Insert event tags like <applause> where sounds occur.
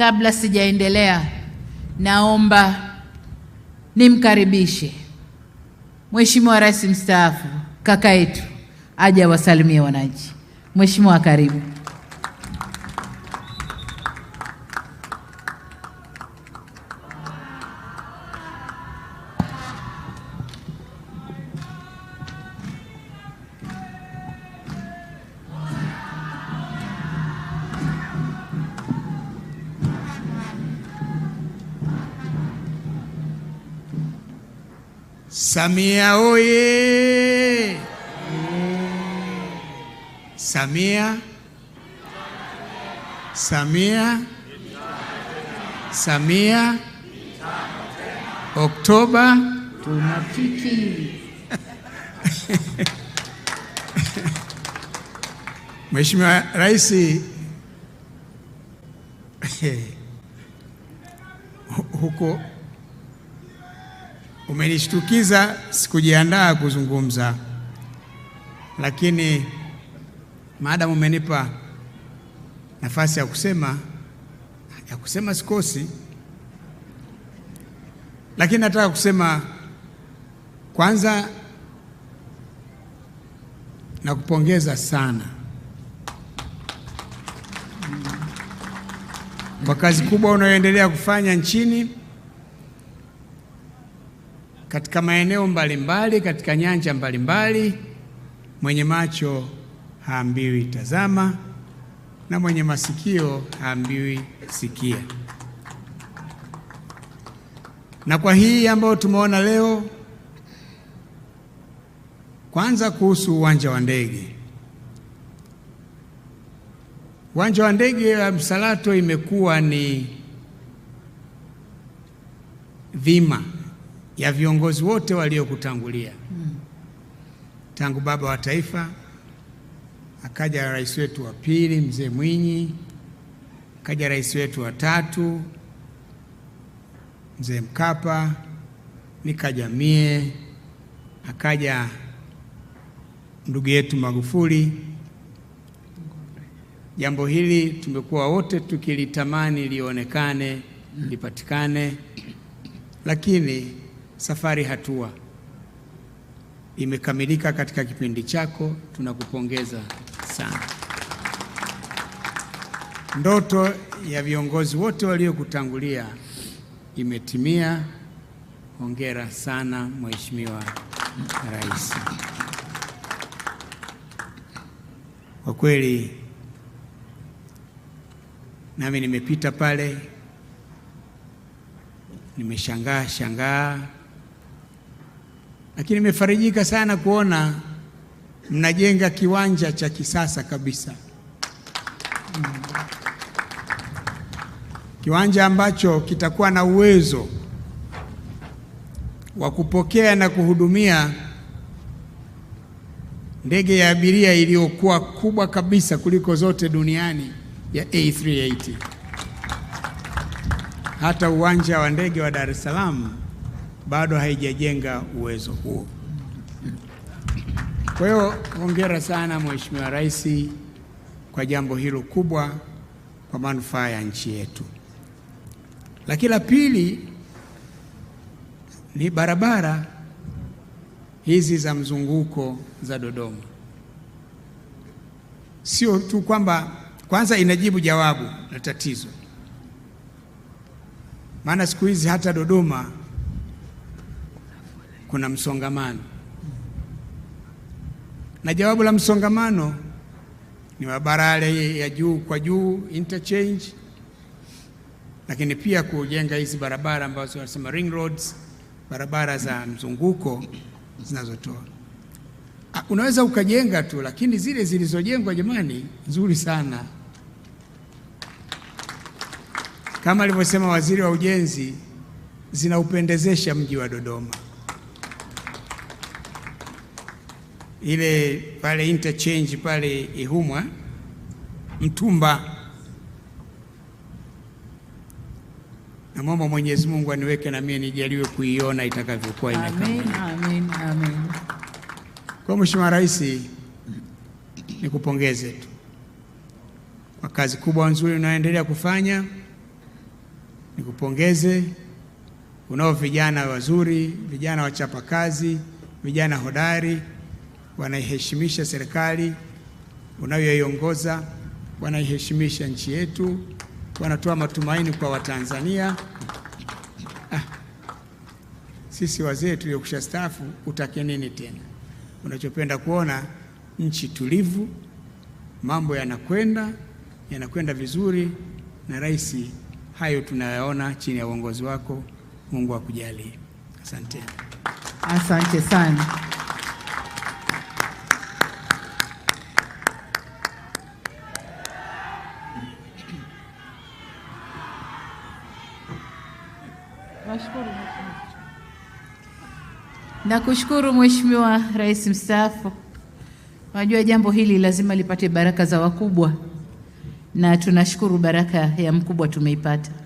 Kabla sijaendelea, naomba nimkaribishe Mheshimiwa Rais mstaafu kaka yetu aje awasalimie wananchi. Mheshimiwa, karibu. Samia oye! Samia, Samia, Samia, Oktoba tunafiki. <laughs> Mheshimiwa Rais <laughs> huko Umenishtukiza, sikujiandaa kuzungumza, lakini maadamu umenipa nafasi ya kusema, ya kusema sikosi, lakini nataka kusema kwanza, nakupongeza sana kwa kazi kubwa unayoendelea kufanya nchini katika maeneo mbalimbali, katika nyanja mbalimbali. Mwenye macho haambiwi tazama, na mwenye masikio haambiwi sikia. Na kwa hii ambayo tumeona leo, kwanza kuhusu uwanja wa ndege. Uwanja wa ndege ya Msalato imekuwa ni dhima ya viongozi wote waliokutangulia mm. Tangu baba wa taifa akaja rais wetu wa pili mzee Mwinyi, akaja rais wetu wa tatu mzee Mkapa, nikaja mie, akaja ndugu yetu Magufuli. Jambo hili tumekuwa wote tukilitamani lionekane, lipatikane, lakini safari hatua imekamilika katika kipindi chako, tunakupongeza sana. Ndoto ya viongozi wote waliokutangulia imetimia. Hongera sana Mheshimiwa Rais. Kwa kweli nami nimepita pale, nimeshangaa shangaa lakini nimefarijika sana kuona mnajenga kiwanja cha kisasa kabisa Kiwanja ambacho kitakuwa na uwezo wa kupokea na kuhudumia ndege ya abiria iliyokuwa kubwa kabisa kuliko zote duniani ya A380. Hata uwanja wa ndege wa Dar es Salaam bado haijajenga uwezo huo. Kwa hiyo hongera sana Mheshimiwa Rais kwa jambo hilo kubwa kwa manufaa ya nchi yetu. Lakini la pili ni barabara hizi za mzunguko za Dodoma. Sio tu kwamba kwanza inajibu jawabu la tatizo, maana siku hizi hata Dodoma kuna msongamano, na jawabu la msongamano ni barabara ya juu kwa juu interchange, lakini pia kujenga hizi barabara ambazo wanasema ring roads, barabara za mzunguko zinazotoa. Ah, unaweza ukajenga tu, lakini zile zilizojengwa jamani, nzuri sana kama alivyosema waziri wa ujenzi, zinaupendezesha mji wa Dodoma. ile pale interchange pale Ihumwa Mtumba. Namwomba Mwenyezi Mungu aniweke na mimi nijaliwe kuiona itakavyokuwa imekaa. Amen, amen, amen. Kwa Mheshimiwa Rais, nikupongeze tu kwa kazi kubwa nzuri unaoendelea kufanya. Nikupongeze, unao vijana wazuri, vijana wachapa kazi, vijana hodari wanaiheshimisha serikali unayoiongoza, wanaiheshimisha nchi yetu, wanatoa matumaini kwa Watanzania. Ah, sisi wazee tuliokusha staafu, utake nini tena? Unachopenda kuona nchi tulivu, mambo yanakwenda yanakwenda vizuri, na rais, hayo tunayaona chini ya uongozi wako. Mungu akujalie. Asante, asante sana. Nashukuru mheshimiwa. Nakushukuru Mheshimiwa Rais mstaafu. Unajua jambo hili lazima lipate baraka za wakubwa na tunashukuru baraka ya mkubwa tumeipata.